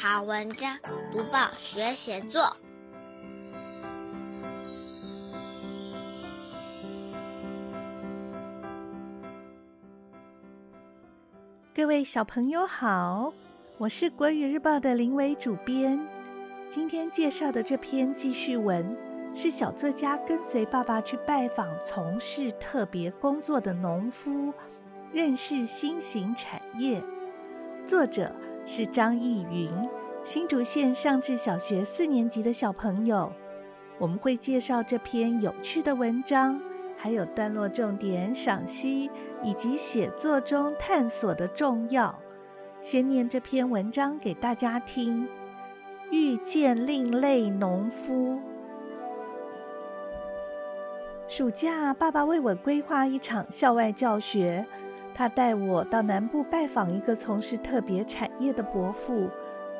好文章，讀報學寫作。各位小朋友好，我是國語日報的林瑋主編。今天介紹的這篇記敘文是小作家跟隨爸爸去拜訪從事特別工作的農夫，認識新型產業。作者。是張翊昀，新竹縣上智小學四年級的小朋友。我們會介紹這篇有趣的文章，還有段落重點賞析，以及寫作中探索的重要。先念這篇文章給大家聽。遇見另類農夫，暑假爸爸為我規劃一場校外教學。他帶我到南部拜訪一個從事特別產業的伯父，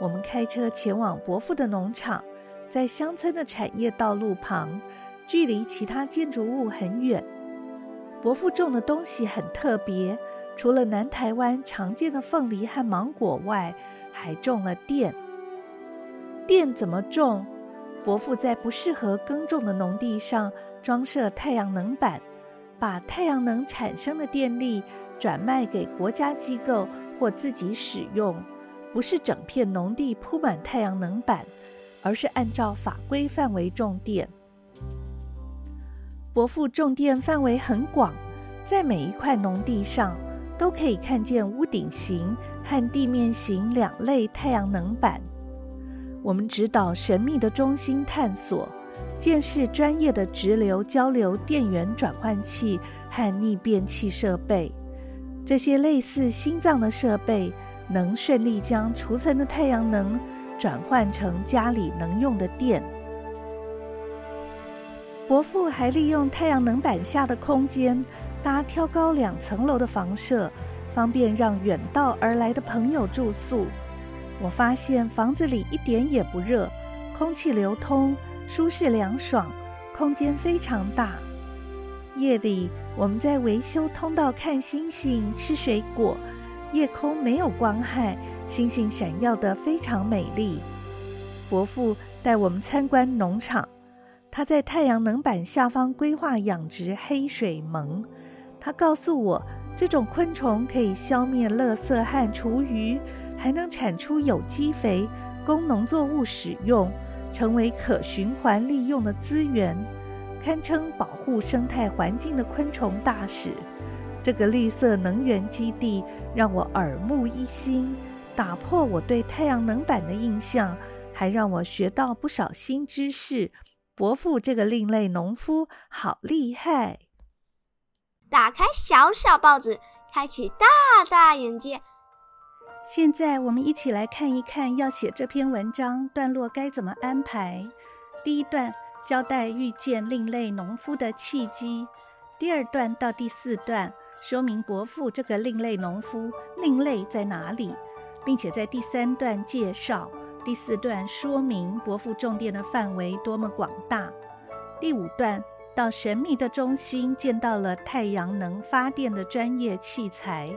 我們開車前往伯父的農場，在鄉村的產業道路旁，距離其他建築物很遠。伯父種的東西很特別，除了南台灣常見的鳳梨和芒果外，還種了電。電怎麼種？伯父在不適合耕種的農地上裝設太陽能板，把太陽能產生的電力。轉賣給國家機構或自己使用，不是整片農地鋪滿太陽能板，而是按照法規範圍種電。伯父種電範圍很廣，在每一塊農地上都可以看見屋頂型和地面型兩類太陽能板。我們直搗神秘的中心探索，建設專業的直流交流電源轉換器和逆變器設備。這些類似心臟的設備能順利將儲存的太陽能轉換成家裡能用的電。伯父還利用太陽能板下的空間搭挑高兩層樓的房舍，方便讓遠道而來的朋友住宿。我發現房子裡一點也不熱，空氣流通，舒適涼爽，空間非常大。夜裡，我們在維修通道看星星、吃水果，夜空沒有光害，星星閃耀得非常美麗。伯父帶我們參觀農場，他在太陽能板下方規劃養殖黑水虻。他告訴我，這種昆蟲可以消滅垃圾和廚餘，還能產出有機肥，供農作物使用，成為可循環利用的資源。堪稱保護生態環境的昆蟲大使，這個綠色能源基地讓我耳目一新，打破我對太陽能板的印象，還讓我學到不少新知識。伯父這個另類農夫好厲害！打開小小報紙，開啟大大眼界。現在我們一起來看一看，要寫這篇文章段落該怎麼安排。第一段。交代遇見另類農夫的契機，第二段到第四段說明伯父這個另類農夫另類在哪裡，並且在第三段介紹，第四段說明伯父種電的範圍多麼廣大。第五段到神秘的中心見到了太陽能發電的專業器材，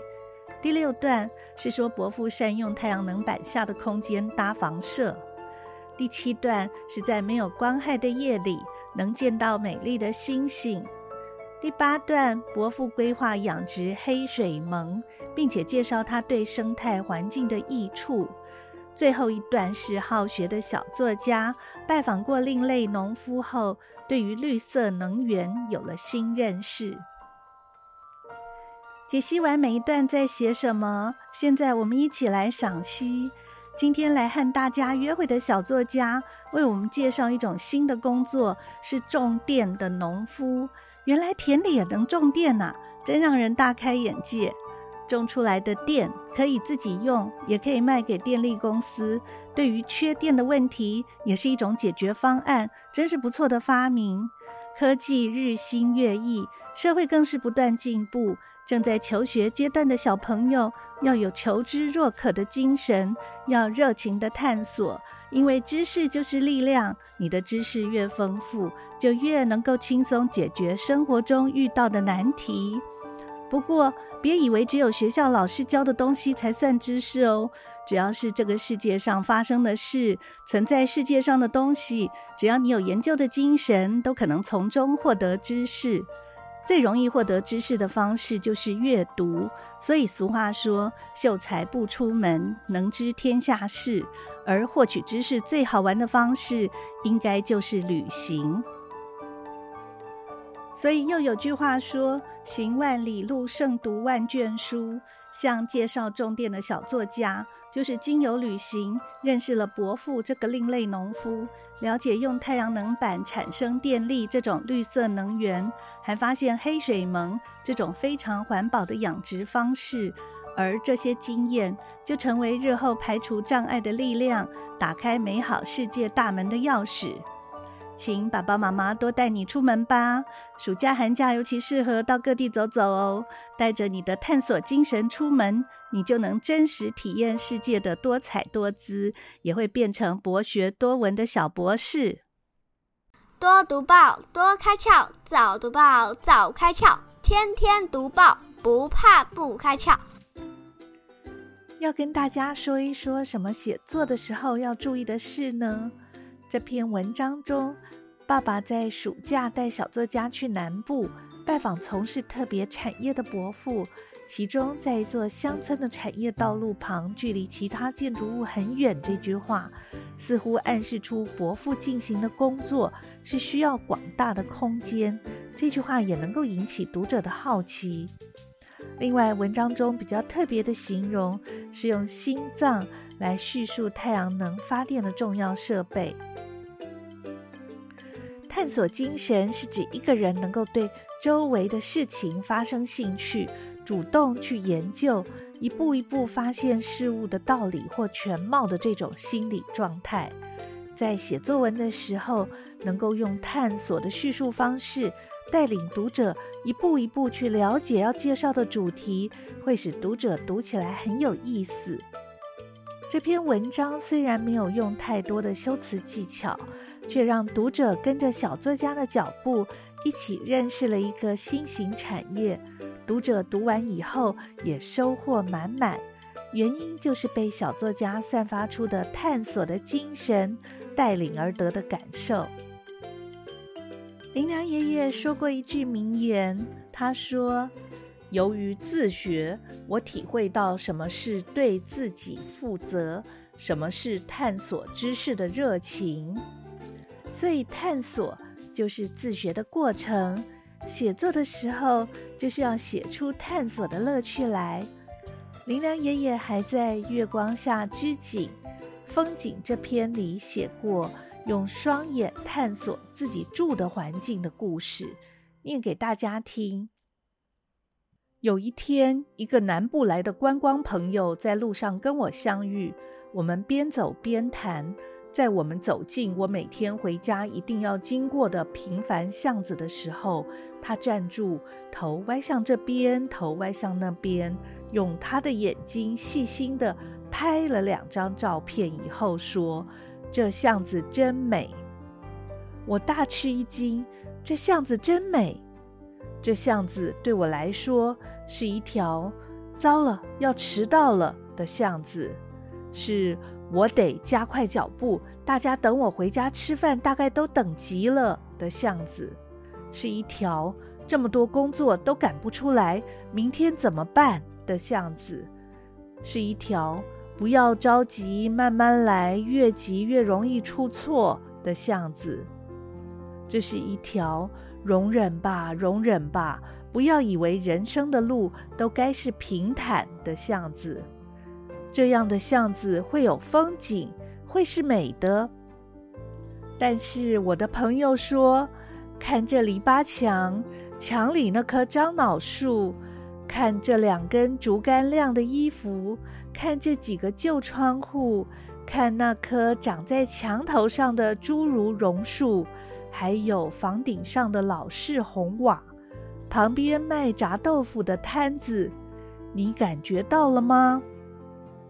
第六段是說伯父善用太陽能板下的空間搭房舍。第七段是在沒有光害的夜裡能見到美麗的星星。第八段，伯父規劃養殖黑水虻，並且介紹它對生態環境的益處。最後一段是好學的小作家拜訪過另類農夫後，對於綠色能源有了新認識。解析完每一段在寫什麼，現在我們一起來賞析。今天來和大家約會的小作家為我們介紹一種新的工作，是種電的農夫。原來田裡也能種電呐、啊，真讓人大開眼界。種出來的電可以自己用，也可以賣給電力公司。對於缺電的問題，也是一種解決方案，真是不錯的發明。科技日新月異，社會更是不斷進步。正在求學階段的小朋友，要有求知若渴的精神，要熱情地探索，因為知識就是力量。你的知識越豐富，就越能夠輕鬆解決生活中遇到的難題。不過，別以為只有學校老師教的東西才算知識哦，只要是這個世界上發生的事，存在世界上的東西，只要你有研究的精神，都可能從中獲得知識。最容易獲得知識的方式就是閱讀，所以俗話說“秀才不出門，能知天下事”。而獲取知識最好玩的方式，應該就是旅行。所以又有句話說：“行萬里路，勝讀萬卷書。”像介紹種電的小作家，就是經由旅行認識了伯父這個另類農夫。了解用太陽能板產生電力這種綠色能源，還發現黑水虻這種非常環保的養殖方式，而這些經驗就成為日後排除障礙的力量，打開美好世界大門的鑰匙。請爸爸媽媽多帶你出門吧，暑假寒假尤其適合到各地走走哦，帶着你的探索精神出門。你就能真實體驗世界的多彩多姿，也會變成博學多聞的小博士。多讀報，多開竅；早讀報，早開竅；天天讀報，不怕不開竅。要跟大家說一說什麼寫作的時候要注意的事呢？這篇文章中，爸爸在暑假帶小作家去南部拜訪從事特別產業的伯父。其中，在一座鄉村的產業道路旁，距離其他建築物很遠。這句話似乎暗示出伯父進行的工作是需要廣大的空間。這句話也能夠引起讀者的好奇。另外，文章中比較特別的形容是用“心臟”來敘述太陽能發電的重要設備。探索精神是指一個人能夠對周圍的事情發生興趣。主動去研究，一步一步發現事物的道理或全貌的這種心理狀態，在寫作文的時候，能夠用探索的敘述方式，帶領讀者一步一步去了解要介紹的主題，會使讀者讀起來很有意思。這篇文章雖然沒有用太多的修辭技巧，卻讓讀者跟着小作家的腳步，一起認識了一個新型產業。讀者讀完以後也收穫滿滿，原因就是被小作家散發出的探索的精神帶領而得的感受。林良爺爺說過一句名言，他說：“由於自學，我體會到什麼是對自己負責，什麼是探索知識的熱情，所以探索就是自學的過程。”寫作的時候，就是要寫出探索的樂趣來。林良爺爺還在《月光下織錦》風景這篇裡寫過用雙眼探索自己住的環境的故事，念給大家聽。有一天，一個南部來的觀光朋友在路上跟我相遇，我們邊走邊談。在我們走進我每天回家一定要經過的平凡巷子的時候，他站住，頭歪向這邊，頭歪向那邊，用他的眼睛細心地拍了兩張照片以後，說：“這巷子真美。”我大吃一驚：“這巷子真美！這巷子對我來說是一條糟了要遲到了的巷子，是我得加快腳步。”大家等我回家吃飯，大概都等急了的巷子，是一條這麼多工作都趕不出來，明天怎麼辦的巷子，是一條不要着急，慢慢來，越急越容易出錯的巷子。這是一條容忍吧，容忍吧，不要以為人生的路都該是平坦的巷子，這樣的巷子會有風景。會是美的，但是我的朋友說，看這籬笆牆，牆裡那棵樟腦樹，看這兩根竹竿晾的衣服，看這幾個舊窗戶，看那棵長在牆頭上的侏儒榕樹，還有房頂上的老式紅瓦，旁邊賣炸豆腐的攤子，你感覺到了嗎？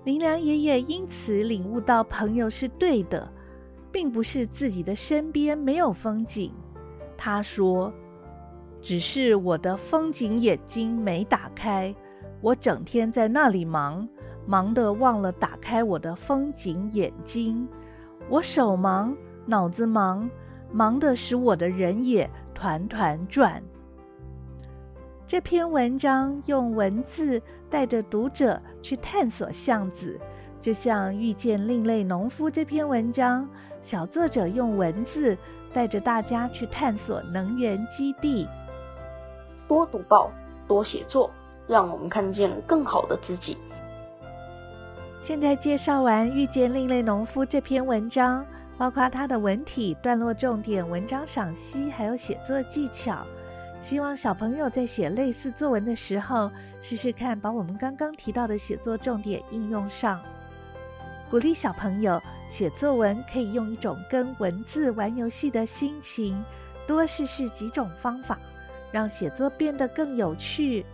林良爺爺因此領悟到，朋友是對的，並不是自己的身邊沒有風景。他說：“只是我的風景眼睛沒打開，我整天在那裡忙，忙得忘了打開我的風景眼睛。我手忙，腦子忙，忙得使我的人也團團轉。”這篇文章用文字帶着讀者去探索巷子，就像《遇見另類農夫》這篇文章，小作者用文字帶着大家去探索能源基地。多讀報，多寫作，讓我們看見更好的自己。現在介紹完《遇見另類農夫》這篇文章，包括它的文體、段落重點、文章賞析，還有寫作技巧。希望小朋友在寫類似作文的時候，試試看把我們剛剛提到的寫作重點應用上。鼓勵小朋友，寫作文可以用一種跟文字玩遊戲的心情，多試試幾種方法，讓寫作變得更有趣。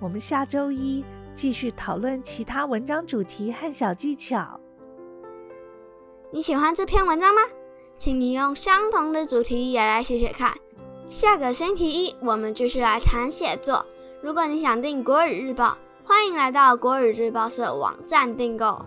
我們下周一繼續討論其他文章主題和小技巧。你喜歡這篇文章嗎？請你用相同的主題也來寫寫看。下個星期一，我們繼續來談寫作。如果你想訂《國語日報》，歡迎來到《國語日報社》網站訂購。